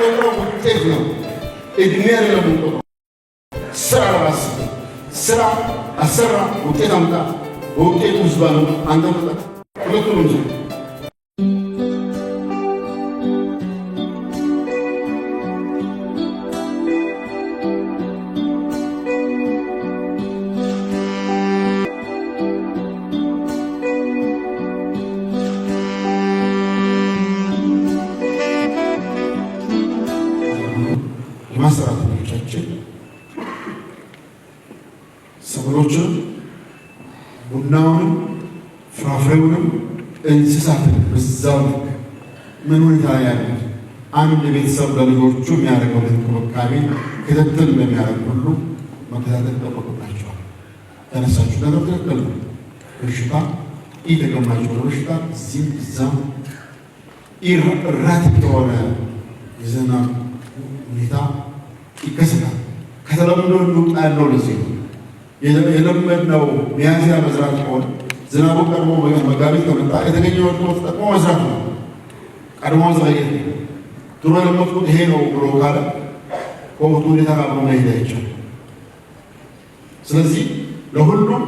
контро го тегнам. Единерина му тоа. Срава си. Сра, а сра, отедам да. Отедам с андам да. Протурно. ሰብሎችን ቡናውንም ፍራፍሬውንም እንስሳትን ብዛው ምን ሁኔታ ያለ አንድ ቤተሰብ በልጆቹ የሚያደርገው እንክብካቤ ክትትል በሚያደርግ ሁሉ መከታተል ጠበቁባቸዋል። ተነሳችሁ ለመከታተል በሽታ ይጠቀማቸው በሽታ እዚህም እዛም ራት የሆነ የዘና ሁኔታ ይከሰታል። ከተለምዶ እንውጣ ያለው ለዚህ ነው። የለመድነው ሚያዝያ መዝራት ሆን ዝናቡ ቀድሞ መጋቢት ከመጣ የተገኘ ወድሞ ተጠቅሞ መዝራት ነው። ቀድሞ መዘጋጀት ነው። ድሮ የለመድኩት ይሄ ነው ብሎ ካለ ከወቅቱ ሁኔታ ጋር መሄድ አይችል። ስለዚህ ለሁሉም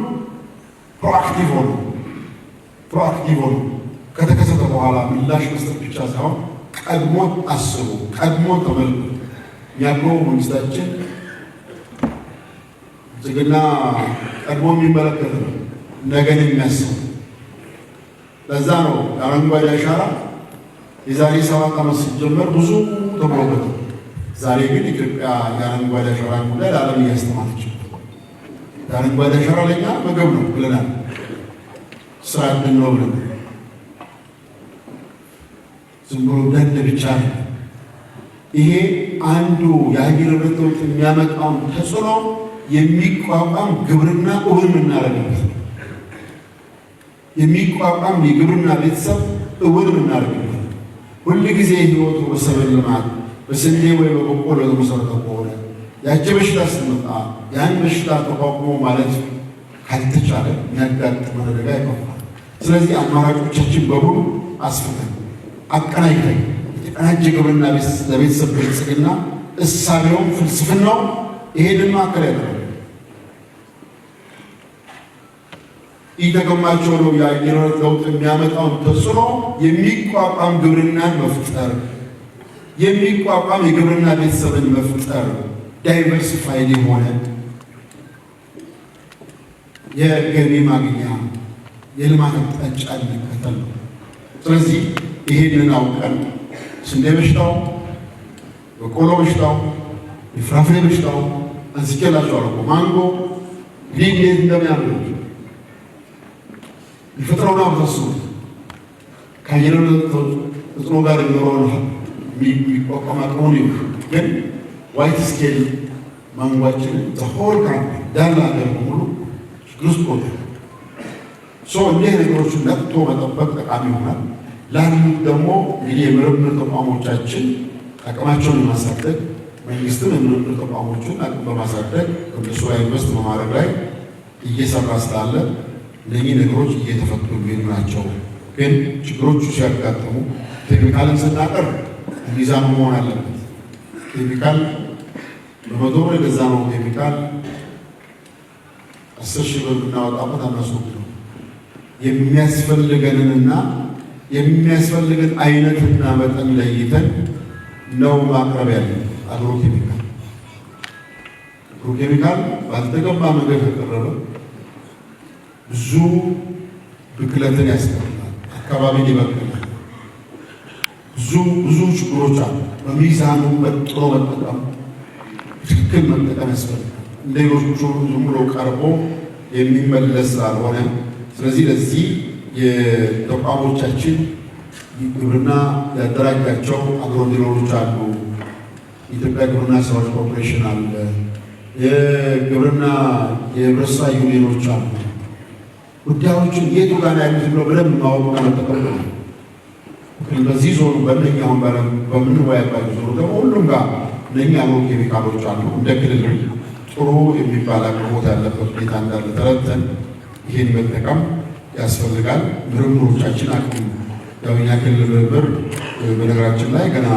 ፕሮአክቲቭ ሆኑ ፕሮአክቲቭ ሆኑ። ከተከሰተ በኋላ ምላሽ መስጠት ብቻ ሳይሆን ቀድሞ አስቡ፣ ቀድሞ ተመልኩ ያለው መንግስታችን ብልጽግና ቀድሞ የሚመለከት ነው፣ ነገን የሚያስብ ለዛ ነው የአረንጓዴ አሻራ የዛሬ ሰባት ዓመት ሲጀመር ብዙ ተብሎበት፣ ዛሬ ግን ኢትዮጵያ የአረንጓዴ አሻራ ጉዳይ ለዓለም እያስተማረች የአረንጓዴ አሻራ ለኛ ምግብ ነው ብለናል፣ ስራ ዕድል ነው ብለናል። ዝም ብሎ ደንድ ብቻ ነው። ይሄ አንዱ የአየር ንብረት ለውጥ የሚያመጣውን ተጽዕኖ የሚቋቋም ግብርና እውን እናደርግበት የሚቋቋም የግብርና ቤተሰብ እውን እናደርግበት። ሁል ጊዜ ህይወቱ በሰብል ልማት በስንዴ ወይ በበቆሎ የተመሰረተ ከሆነ ያቺ በሽታ ስትመጣ ያን በሽታ ተቋቁሞ ማለት ካልተቻለ የሚያጋጥመ አደጋ ይከፋል። ስለዚህ አማራጮቻችን በሙሉ አስፍተን አቀናጅተን የተቀናጀ ግብርና ለቤተሰብ ብልጽግና እሳቤውም ፍልስፍናው ይሄ ድማ አከላይ ነው። ኢተገማቸው ነው የአየር ለውጥ የሚያመጣውን ተጽዕኖ የሚቋቋም ግብርናን መፍጠር፣ የሚቋቋም የግብርና ቤተሰብን መፍጠር ዳይቨርሲፋይድ የሆነ የገቢ ማግኛ የልማት አቅጣጫ እንከተል ነው። ስለዚህ ይሄንን አውቀን ስንዴ በሽታው፣ በቆሎ በሽታው፣ የፍራፍሬ በሽታው አንስቼላችኋለሁ። ማንጎ ሊግ እንደሚያምሩት የተፈጥሮና በሱ ከአየር ተጽዕኖ ጋር የሚኖረውን የሚቋቋም አቅሙን ይሁ ግን ዋይት ስኬል ማንጓችን ዘሆል ካ ዳላ ሀገር በሙሉ ችግር ውስጥ ቦታ ሰው እንዲህ ነገሮች ነቅቶ መጠበቅ ጠቃሚ ይሆናል። ላሉት ደግሞ እንግዲህ የምርምር ተቋሞቻችን አቅማቸውን የማሳደግ መንግስትም የምርምር ተቋሞችን አቅም በማሳደግ ከእነሱ ኢንቨስት በማድረግ ላይ እየሰራ ስላለ እነዚህ ነገሮች እየተፈቱ የሚሄዱ ናቸው። ግን ችግሮቹ ሲያጋጥሙ ኬሚካልን ስናቀርብ ሚዛኑ መሆን አለበት። ኬሚካል በመቶ ብር የገዛ ነው ኬሚካል አስር ሺህ ብር ብናወጣበት አናሱ ነው የሚያስፈልገንንና የሚያስፈልገን አይነትና መጠን ለይተን ነው ማቅረብ ያለ አግሮ ኬሚካል አግሮ ኬሚካል ባልተገባ መንገድ ከቀረበ ብዙ ብክለትን ያስቀርላል፣ አካባቢን ይበክላል። ብዙ ብዙ ችግሮች አሉ። በሚዛኑ መጥኖ መጠቀም ትክክል መጠቀም ያስፈልጋል። እንደ ሌሎቹ ዝም ብሎ ቀርቦ የሚመለስ ስላልሆነ ስለዚህ ለዚህ የተቋሞቻችን ግብርና ያደራጃቸው አግሮቢሮዎች አሉ። የኢትዮጵያ ግብርና ስራዎች ኮርፖሬሽን አለ። የግብርና የህብረተሰብ ዩኒዮኖች አሉ። ጉዳዮችን የቱ ጋር ያሉት ብሎ በደንብ ማወቅና መጠቀም ነው። ምክንያቱም በዚህ ዞኑ በእነኛሁን በምንወያባቸው ዞኑ ደግሞ ሁሉም ጋር እነኛ ነው ኬሚካሎች አሉ። እንደ ክልል ጥሩ የሚባል አቅርቦት ያለበት ሁኔታ እንዳለ ተረድተን ይህን መጠቀም ያስፈልጋል። ምርምሮቻችን አቅም ያውኛ ክልል ምርምር በነገራችን ላይ ገና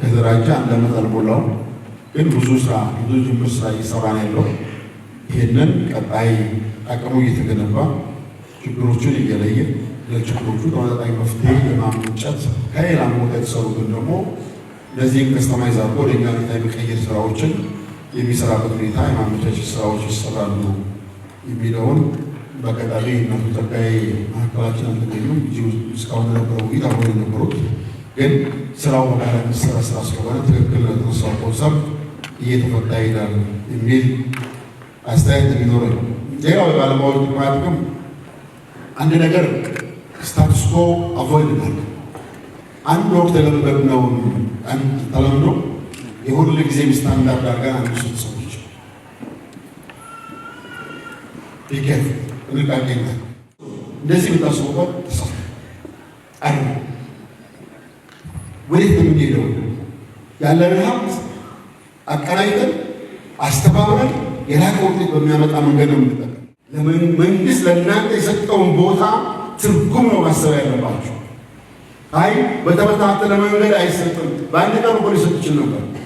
ከተደራጀ አንድ ዓመት አልሞላውም፣ ግን ብዙ ስራ ብዙ ጅምር ስራ እየሰራ ነው ያለው። ይህንን ቀጣይ አቅሙ እየተገነባ ችግሮቹን እየለየ ለችግሮቹ ተመጣጣኝ መፍትሄ ለማመንጨት ከሌላም ቦታ የተሰሩትን ደግሞ ለዚህም ከስተማይዝ አድርጎ ወደኛ እኛ ሁኔታ የመቀየር ስራዎችን የሚሰራበት ሁኔታ የማመቻቸት ስራዎች ይሰራሉ የሚለውን በአጋጣሚ እናቱ ጠቃይ ማዕከላችን አልተገኙ እ እስካሁን የነበረ ውይይት አብሮ የነበሩት ግን ስራው በጋራ የሚሰራ ስራ ስለሆነ ትክክል ለተነሳው ኮንሰርት እየተፈታ ይሄዳል የሚል አስተያየት የሚኖረኝ ሌላው የባለሙያዎች ጥቅማ ግን አንድ ነገር ስታቱስኮ አቮይድ ማድረግ አንድ ወቅት የለመድነው አንድ ተለምዶ የሁል ጊዜም ስታንዳርድ አድርገን አንዱ ስት ሰዎች ቢገት እንቃገኛ እንደዚህ የምታስቡበት ወዴት ነው የምንሄደው? ሀብት አቀናይተን አስተባብረን የላቀ ውጤት በሚያመጣ መንገድ ነው የምንጠቀም መንግስት ለእናንተ የሰጠውን ቦታ ትርጉም ነው ማሰብ ያለባችሁ። አይ በተበታተነ መንገድ አይሰጥም። በአንድ ቀን እኮ ሊሰጥ ይችል ነበር።